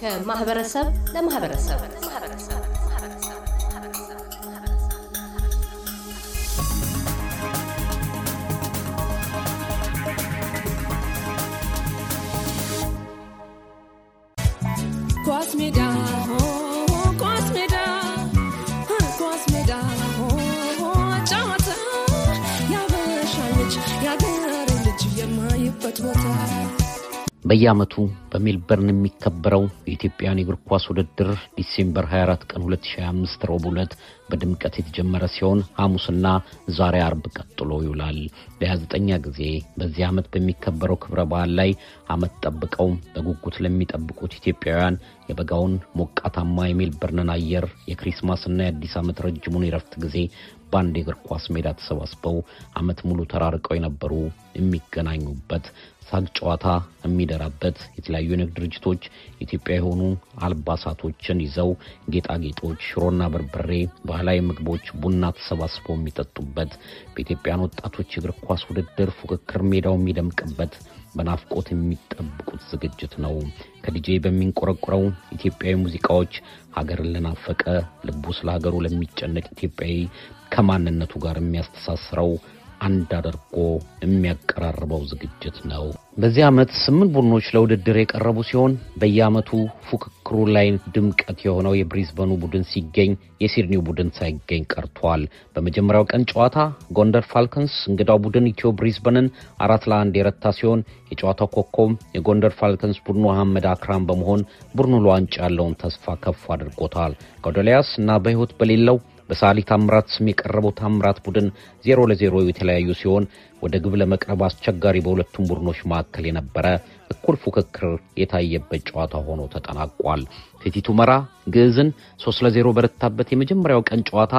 ከማህበረሰብ ለማህበረሰብ ኳስ ሜዳ በየዓመቱ በሜልበርን የሚከበረው የኢትዮጵያን የእግር ኳስ ውድድር ዲሴምበር 24 ቀን 2025 ረቡዕ ዕለት በድምቀት የተጀመረ ሲሆን ሐሙስና ዛሬ አርብ ቀጥሎ ይውላል። ለ29ኛ ጊዜ በዚህ ዓመት በሚከበረው ክብረ በዓል ላይ ዓመት ጠብቀው በጉጉት ለሚጠብቁት ኢትዮጵያውያን የበጋውን ሞቃታማ የሜልበርንን አየር የክሪስማስና የአዲስ ዓመት ረጅሙን የረፍት ጊዜ በአንድ የእግር ኳስ ሜዳ ተሰባስበው ዓመት ሙሉ ተራርቀው የነበሩ የሚገናኙበት ሳቅ ጨዋታ የሚደራበት የተለያዩ የንግድ ድርጅቶች ኢትዮጵያ የሆኑ አልባሳቶችን ይዘው ጌጣጌጦች፣ ሽሮና በርበሬ፣ ባህላዊ ምግቦች፣ ቡና ተሰባስበው የሚጠጡበት በኢትዮጵያን ወጣቶች እግር ኳስ ውድድር ፉክክር ሜዳው የሚደምቅበት በናፍቆት የሚጠብቁት ዝግጅት ነው። ከዲጄ በሚንቆረቁረው ኢትዮጵያዊ ሙዚቃዎች ሀገርን ለናፈቀ ልቡ ስለ ሀገሩ ለሚጨነቅ ኢትዮጵያዊ ከማንነቱ ጋር የሚያስተሳስረው አንድ አድርጎ የሚያቀራርበው ዝግጅት ነው። በዚህ ዓመት ስምንት ቡድኖች ለውድድር የቀረቡ ሲሆን በየዓመቱ ፉክክሩ ላይ ድምቀት የሆነው የብሪዝበኑ ቡድን ሲገኝ የሲድኒው ቡድን ሳይገኝ ቀርቷል። በመጀመሪያው ቀን ጨዋታ ጎንደር ፋልከንስ እንግዳው ቡድን ኢትዮ ብሪዝበንን አራት ለአንድ የረታ ሲሆን የጨዋታው ኮከብ የጎንደር ፋልከንስ ቡድኑ አህመድ አክራም በመሆን ቡድኑ ለዋንጫ ያለውን ተስፋ ከፍ አድርጎታል። ጎዶሊያስ እና በሕይወት በሌለው በሳሊ ታምራት ስም የቀረበው ታምራት ቡድን ዜሮ ለዜሮ የተለያዩ ሲሆን ወደ ግብ ለመቅረብ አስቸጋሪ በሁለቱም ቡድኖች መካከል የነበረ እኩል ፉክክር የታየበት ጨዋታ ሆኖ ተጠናቋል። ፊቲቱ መራ ግዕዝን ሶስት ለዜሮ በረታበት የመጀመሪያው ቀን ጨዋታ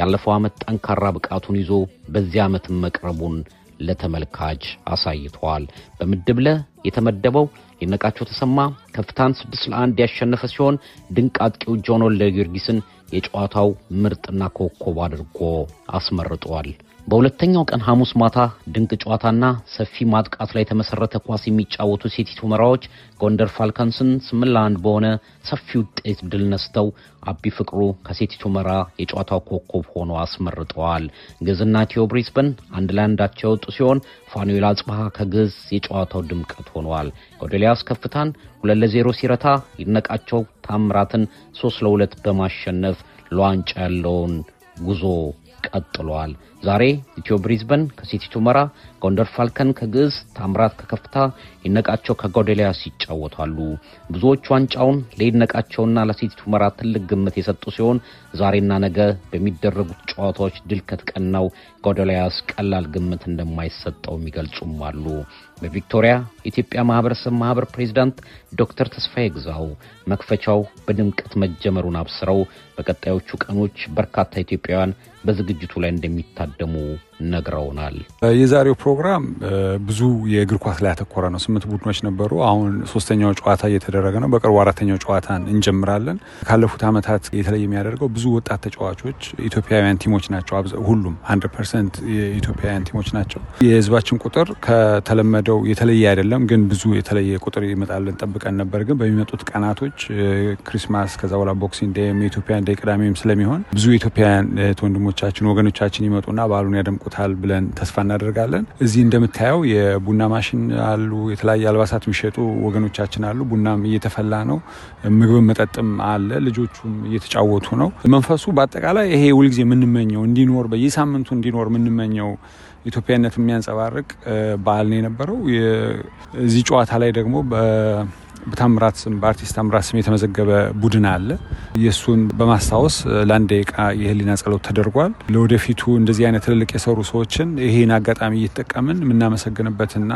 ያለፈው ዓመት ጠንካራ ብቃቱን ይዞ በዚህ ዓመት መቅረቡን ለተመልካች አሳይቷል። በምድብ ለ የተመደበው የነቃቸው ተሰማ ከፍታን ለ1 ያሸነፈ ሲሆን ድንቅ አጥቂው ጆን ወልደ ጊዮርጊስን የጨዋታው ምርጥና ኮከብ አድርጎ አስመርጧል። በሁለተኛው ቀን ሐሙስ ማታ ድንቅ ጨዋታና ሰፊ ማጥቃት ላይ የተመሰረተ ኳስ የሚጫወቱ ሴቲት ሁመራዎች ጎንደር ፋልካንስን ስምንት ለአንድ በሆነ ሰፊ ውጤት ድል ነስተው አቢ ፍቅሩ ከሴቲት ሁመራ የጨዋታው ኮከብ ሆኖ አስመርጠዋል። ግዝና ቴዎ ብሪስበን አንድ ለአንድ አቻ የወጡ ሲሆን ፋኑኤል አጽባሃ ከግዝ የጨዋታው ድምቀት ሆነዋል። ጎዶልያስ ከፍታን ሁለት ለዜሮ ሲረታ ይነቃቸው ታምራትን ሶስት ለሁለት በማሸነፍ ለዋንጫ ያለውን ጉዞ ቀጥሏል። ዛሬ ኢትዮ ብሪዝበን ከሲቲ ቱመራ፣ ጎንደር ፋልከን ከግዕዝ፣ ታምራት ከከፍታ፣ ይነቃቸው ከጎዶልያስ ይጫወታሉ። ብዙዎቹ ዋንጫውን ለይነቃቸውና ለሲቲ ቱመራ ትልቅ ግምት የሰጡ ሲሆን ዛሬና ነገ በሚደረጉት ጨዋታዎች ድል ከትቀናው ጎደሊያስ ቀላል ግምት እንደማይሰጠው የሚገልጹም አሉ። በቪክቶሪያ ኢትዮጵያ ማህበረሰብ ማህበር ፕሬዚዳንት ዶክተር ተስፋዬ ግዛው መክፈቻው በድምቀት መጀመሩን አብስረው በቀጣዮቹ ቀኖች በርካታ ኢትዮጵያውያን በዝግጅቱ ላይ እንደሚታደሙ ነግረውናል። የዛሬው ፕሮግራም ብዙ የእግር ኳስ ላይ ያተኮረ ነው። ስምንት ቡድኖች ነበሩ። አሁን ሶስተኛው ጨዋታ እየተደረገ ነው። በቅርቡ አራተኛው ጨዋታን እንጀምራለን። ካለፉት ዓመታት የተለየ የሚያደርገው ብዙ ወጣት ተጫዋቾች ኢትዮጵያውያን ቲሞች ናቸው። ሁሉም 100 ፐርሰንት የኢትዮጵያውያን ቲሞች ናቸው። የህዝባችን ቁጥር ከተለመደ እንደተለመደው የተለየ አይደለም፣ ግን ብዙ የተለየ ቁጥር ይመጣልን ጠብቀን ነበር። ግን በሚመጡት ቀናቶች ክሪስማስ፣ ከዛ በኋላ ቦክሲንግ ዴይ፣ የኢትዮጵያ ዴይ ቅዳሜም ስለሚሆን ብዙ ኢትዮጵያውያን ወንድሞቻችን ወገኖቻችን ይመጡና በዓሉን ያደምቁታል ብለን ተስፋ እናደርጋለን። እዚህ እንደምታየው የቡና ማሽን አሉ፣ የተለያየ አልባሳት የሚሸጡ ወገኖቻችን አሉ። ቡናም እየተፈላ ነው፣ ምግብም መጠጥም አለ። ልጆቹም እየተጫወቱ ነው። መንፈሱ በአጠቃላይ ይሄ ሁልጊዜ የምንመኘው እንዲኖር በየሳምንቱ እንዲኖር የምንመኘው ኢትዮጵያነት የሚያንጸባርቅ ባህል ነው የነበረው። እዚህ ጨዋታ ላይ ደግሞ በታምራት ስም በአርቲስት ታምራት ስም የተመዘገበ ቡድን አለ። የእሱን በማስታወስ ለአንድ ደቂቃ የህሊና ጸሎት ተደርጓል። ለወደፊቱ እንደዚህ አይነት ትልልቅ የሰሩ ሰዎችን ይህን አጋጣሚ እየተጠቀምን የምናመሰግንበትና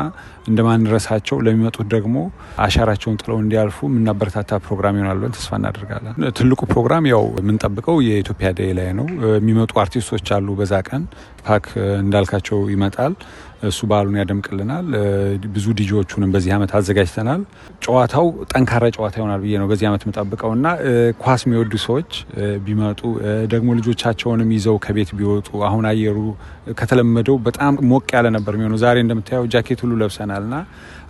እንደማንረሳቸው ለሚመጡት ደግሞ አሻራቸውን ጥለው እንዲያልፉ የምናበረታታ ፕሮግራም ይሆናል ብለን ተስፋ እናደርጋለን። ትልቁ ፕሮግራም ያው የምንጠብቀው የኢትዮጵያ ደይ ላይ ነው። የሚመጡ አርቲስቶች አሉ። በዛ ቀን ፓክ እንዳልካቸው ይመጣል። እሱ በዓሉን ያደምቅልናል። ብዙ ዲጂዎቹንም በዚህ ዓመት አዘጋጅተናል። ጨዋታው ጠንካራ ጨዋታ ይሆናል ብዬ ነው በዚህ ዓመት የምጠብቀው እና ኳስ የሚወዱ ሰዎች ቢመጡ ደግሞ ልጆቻቸውንም ይዘው ከቤት ቢወጡ። አሁን አየሩ ከተለመደው በጣም ሞቅ ያለ ነበር የሚሆነው። ዛሬ እንደምታየው ጃኬት ሁሉ ለብሰናል እና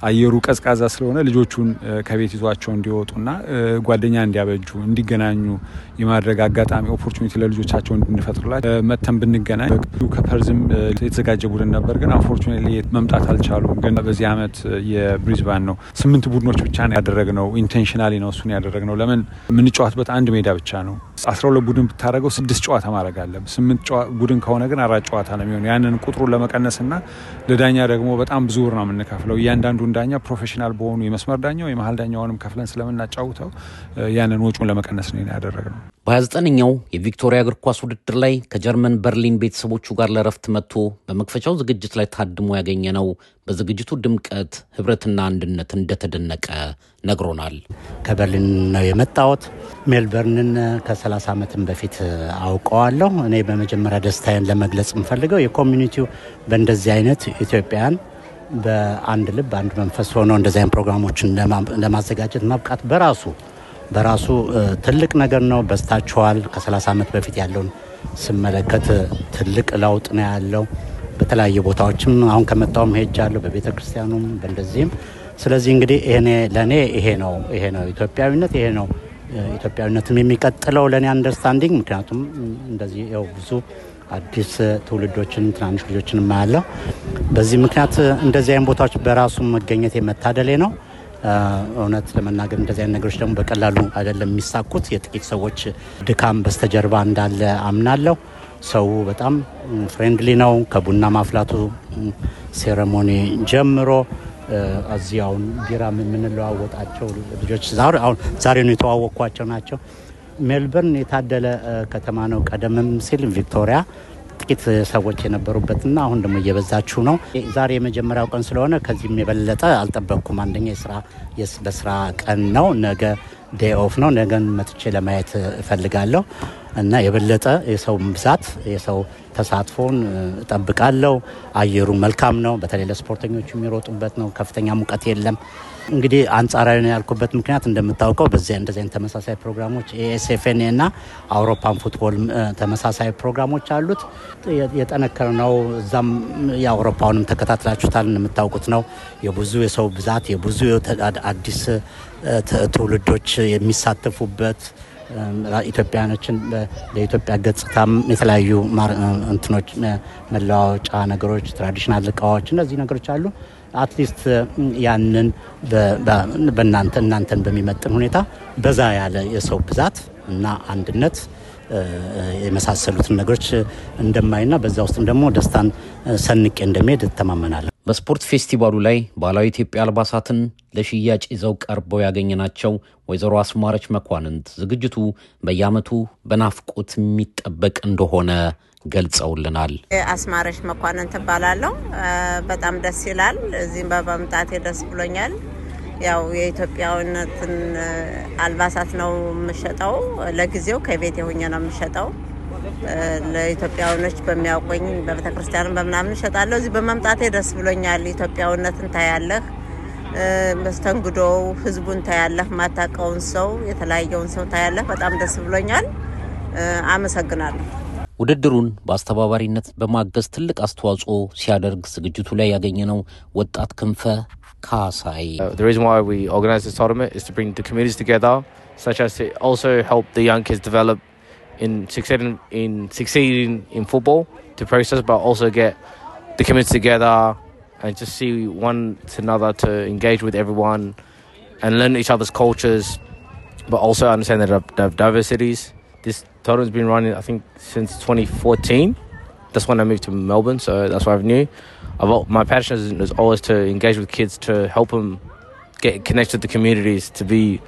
አየሩ ቀዝቃዛ ስለሆነ ልጆቹን ከቤት ይዟቸው እንዲወጡና ጓደኛ እንዲያበጁ እንዲገናኙ የማድረግ አጋጣሚ ኦፖርቹኒቲ ለልጆቻቸው እንድንፈጥርላቸው መተን ብንገናኝ ከፐርዝም የተዘጋጀ ቡድን ነበር፣ ግን አንፎርቹኔትሊ መምጣት አልቻሉም። ግን በዚህ ዓመት የብሪዝባን ነው ስምንት ቡድኖች ብቻ ነው ያደረግነው። ኢንቴንሽናሊ ነው እሱን ያደረግነው። ለምን የምንጫወትበት አንድ ሜዳ ብቻ ነው። አስራ ሁለት ቡድን ብታደረገው ስድስት ጨዋታ ማድረግ አለ። ስምንት ቡድን ከሆነ ግን አራት ጨዋታ ነው የሚሆን። ያንን ቁጥሩን ለመቀነስና ለዳኛ ደግሞ በጣም ብዙ ብር ነው የምንከፍለው። እያንዳንዱን ዳኛ ፕሮፌሽናል በሆኑ የመስመር ዳኛው የመሀል ዳኛውንም ከፍለን ስለምናጫውተው ያንን ወጪውን ለመቀነስ ነው ያደረግነው። በ29ኛው የቪክቶሪያ እግር ኳስ ውድድር ላይ ከጀርመን በርሊን ቤተሰቦቹ ጋር ለረፍት መጥቶ በመክፈቻው ዝግጅት ላይ ታድሞ ያገኘ ነው። በዝግጅቱ ድምቀት፣ ህብረትና አንድነት እንደተደነቀ ነግሮናል። ከበርሊን ነው የመጣሁት። ሜልበርንን ከ30 ዓመትም በፊት አውቀዋለሁ። እኔ በመጀመሪያ ደስታዬን ለመግለጽ የምፈልገው የኮሚኒቲው በእንደዚህ አይነት ኢትዮጵያን በአንድ ልብ አንድ መንፈስ ሆነው እንደዚህ አይነት ፕሮግራሞችን ለማዘጋጀት ማብቃት በራሱ በራሱ ትልቅ ነገር ነው። በስታችኋል። ከ30 ዓመት በፊት ያለውን ስመለከት ትልቅ ለውጥ ነው ያለው። በተለያዩ ቦታዎችም አሁን ከመጣውም ሄጃለሁ፣ በቤተ ክርስቲያኑም በእንደዚህም። ስለዚህ እንግዲህ ለእኔ ይሄ ነው ይሄ ነው ኢትዮጵያዊነት ይሄ ነው ኢትዮጵያዊነትም የሚቀጥለው ለእኔ አንደርስታንዲንግ። ምክንያቱም እንደዚህ ያው ብዙ አዲስ ትውልዶችን ትናንሽ ልጆችን ማያለው። በዚህ ምክንያት እንደዚህ አይነት ቦታዎች በራሱ መገኘት የመታደሌ ነው። እውነት ለመናገር እንደዚህ አይነት ነገሮች ደግሞ በቀላሉ አይደለም የሚሳኩት። የጥቂት ሰዎች ድካም በስተጀርባ እንዳለ አምናለሁ። ሰው በጣም ፍሬንድሊ ነው። ከቡና ማፍላቱ ሴረሞኒ ጀምሮ እዚህ አሁን ቢራም የምንለዋወጣቸው ልጆች ዛሬ ነው የተዋወቅኳቸው ናቸው። ሜልበርን የታደለ ከተማ ነው። ቀደምም ሲል ቪክቶሪያ ጥቂት ሰዎች የነበሩበትና አሁን ደግሞ እየበዛችሁ ነው። ዛሬ የመጀመሪያው ቀን ስለሆነ ከዚህም የበለጠ አልጠበቅኩም። አንደኛ የስራ በስራ ቀን ነው። ነገ ዴይ ኦፍ ነው። ነገን መጥቼ ለማየት እፈልጋለሁ እና የበለጠ የሰው ብዛት የሰው ተሳትፎን እጠብቃለሁ። አየሩ መልካም ነው። በተለይ ለስፖርተኞቹ የሚሮጡበት ነው። ከፍተኛ ሙቀት የለም። እንግዲህ አንጻራዊ ነው ያልኩበት ምክንያት እንደምታውቀው በዚያ እንደዚህ ተመሳሳይ ፕሮግራሞች ኤኤስኤፍኤንኤ እና አውሮፓን ፉትቦል ተመሳሳይ ፕሮግራሞች አሉት። የጠነከረ ነው። እዛም የአውሮፓውንም ተከታትላችሁታል እንደምታውቁት ነው። የብዙ የሰው ብዛት የብዙ አዲስ ትውልዶች የሚሳተፉበት ኢትዮጵያኖችን ለኢትዮጵያ ገጽታም የተለያዩ እንትኖች መለዋወጫ ነገሮች፣ ትራዲሽናል እቃዎች እነዚህ ነገሮች አሉ። አትሊስት ያንን በእናንተ እናንተን በሚመጥን ሁኔታ በዛ ያለ የሰው ብዛት እና አንድነት የመሳሰሉትን ነገሮች እንደማይና በዛ ውስጥም ደግሞ ደስታን ሰንቄ እንደሚሄድ እተማመናለሁ። በስፖርት ፌስቲቫሉ ላይ ባህላዊ ኢትዮጵያ አልባሳትን ለሽያጭ ይዘው ቀርበው ያገኘናቸው ወይዘሮ አስማረች መኳንንት ዝግጅቱ በየዓመቱ በናፍቆት የሚጠበቅ እንደሆነ ገልጸውልናል። አስማረች መኳንንት እባላለሁ። በጣም ደስ ይላል። እዚህም በመምጣቴ ደስ ብሎኛል። ያው የኢትዮጵያዊነትን አልባሳት ነው የምሸጠው። ለጊዜው ከቤት የሆኘ ነው የምሸጠው። ለኢትዮጵያውኖች በሚያውቁኝ በቤተ ክርስቲያንም በምናምን እሸጣለሁ። እዚህ በመምጣቴ ደስ ብሎኛል። ኢትዮጵያውነትን ታያለህ፣ መስተንግዶው፣ ህዝቡን ታያለህ፣ ማታቀውን ሰው የተለያየውን ሰው ታያለህ። በጣም ደስ ብሎኛል። አመሰግናለሁ። ውድድሩን በአስተባባሪነት በማገዝ ትልቅ አስተዋጽኦ ሲያደርግ ዝግጅቱ ላይ ያገኘነው ወጣት ክንፈ ካሳይ ኦርጋናይዝ ቶርናመንት in succeeding in succeeding in football to process, but also get the community together and just see one to another to engage with everyone and learn each other's cultures, but also understand that they have diversities. This tournament has been running, I think, since 2014. That's when I moved to Melbourne, so that's why I'm new. I've, my passion is, is always to engage with kids to help them get connected to the communities, to be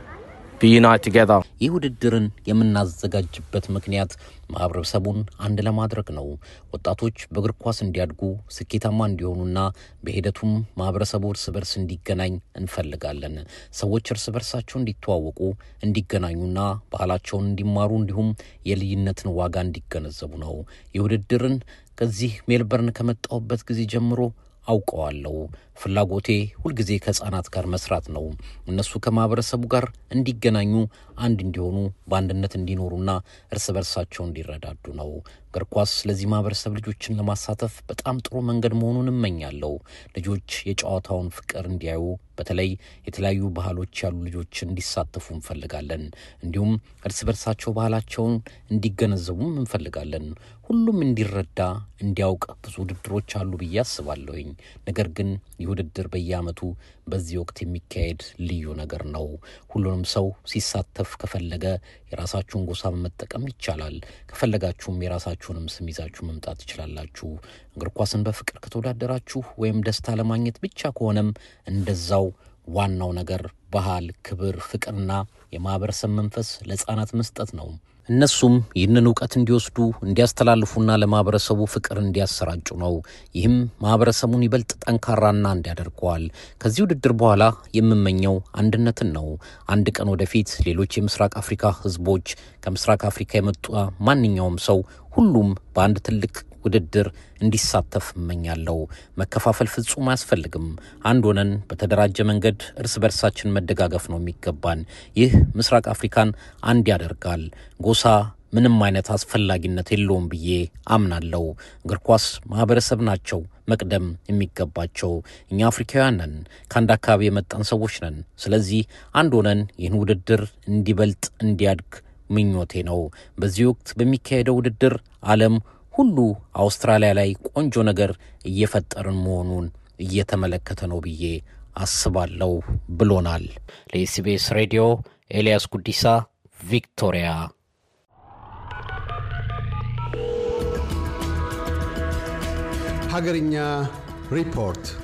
ይህ ውድድርን የምናዘጋጅበት ምክንያት ማህበረሰቡን አንድ ለማድረግ ነው። ወጣቶች በእግር ኳስ እንዲያድጉ ስኬታማ እንዲሆኑና በሂደቱም ማህበረሰቡ እርስ በርስ እንዲገናኝ እንፈልጋለን። ሰዎች እርስ በርሳቸው እንዲተዋወቁ፣ እንዲገናኙና ባህላቸውን እንዲማሩ እንዲሁም የልዩነትን ዋጋ እንዲገነዘቡ ነው። ይህ ውድድርን ከዚህ ሜልበርን ከመጣሁበት ጊዜ ጀምሮ አውቀዋለሁ። ፍላጎቴ ሁልጊዜ ከህጻናት ጋር መስራት ነው። እነሱ ከማህበረሰቡ ጋር እንዲገናኙ፣ አንድ እንዲሆኑ፣ በአንድነት እንዲኖሩና እርስ በርሳቸው እንዲረዳዱ ነው። እግር ኳስ ስለዚህ ማህበረሰብ ልጆችን ለማሳተፍ በጣም ጥሩ መንገድ መሆኑን እመኛለሁ። ልጆች የጨዋታውን ፍቅር እንዲያዩ በተለይ የተለያዩ ባህሎች ያሉ ልጆች እንዲሳተፉ እንፈልጋለን። እንዲሁም እርስ በርሳቸው ባህላቸውን እንዲገነዘቡም እንፈልጋለን። ሁሉም እንዲረዳ፣ እንዲያውቅ ብዙ ውድድሮች አሉ ብዬ አስባለሁኝ። ነገር ግን ይህ ውድድር በየአመቱ በዚህ ወቅት የሚካሄድ ልዩ ነገር ነው። ሁሉንም ሰው ሲሳተፍ ከፈለገ የራሳችሁን ጎሳ በመጠቀም ይቻላል። ከፈለጋችሁም የራሳችሁንም ስም ይዛችሁ መምጣት ትችላላችሁ። እግር ኳስን በፍቅር ከተወዳደራችሁ ወይም ደስታ ለማግኘት ብቻ ከሆነም እንደዛው ዋናው ነገር ባህል፣ ክብር፣ ፍቅርና የማህበረሰብ መንፈስ ለህፃናት መስጠት ነው። እነሱም ይህንን እውቀት እንዲወስዱ እንዲያስተላልፉና ለማህበረሰቡ ፍቅር እንዲያሰራጩ ነው። ይህም ማህበረሰቡን ይበልጥ ጠንካራና እንዲያደርገዋል። ከዚህ ውድድር በኋላ የምመኘው አንድነትን ነው። አንድ ቀን ወደፊት ሌሎች የምስራቅ አፍሪካ ህዝቦች ከምስራቅ አፍሪካ የመጡ ማንኛውም ሰው ሁሉም በአንድ ትልቅ ውድድር እንዲሳተፍ እመኛለሁ። መከፋፈል ፍጹም አያስፈልግም። አንድ ሆነን በተደራጀ መንገድ እርስ በርሳችን መደጋገፍ ነው የሚገባን። ይህ ምስራቅ አፍሪካን አንድ ያደርጋል። ጎሳ ምንም አይነት አስፈላጊነት የለውም ብዬ አምናለሁ። እግር ኳስ ማህበረሰብ ናቸው መቅደም የሚገባቸው። እኛ አፍሪካውያን ነን፣ ከአንድ አካባቢ የመጣን ሰዎች ነን። ስለዚህ አንድ ሆነን ይህን ውድድር እንዲበልጥ እንዲያድግ ምኞቴ ነው። በዚህ ወቅት በሚካሄደው ውድድር ዓለም ሁሉ አውስትራሊያ ላይ ቆንጆ ነገር እየፈጠርን መሆኑን እየተመለከተ ነው ብዬ አስባለሁ ብሎናል። ለኤስቢኤስ ሬዲዮ ኤልያስ ጉዲሳ ቪክቶሪያ። ሀገርኛ ሪፖርት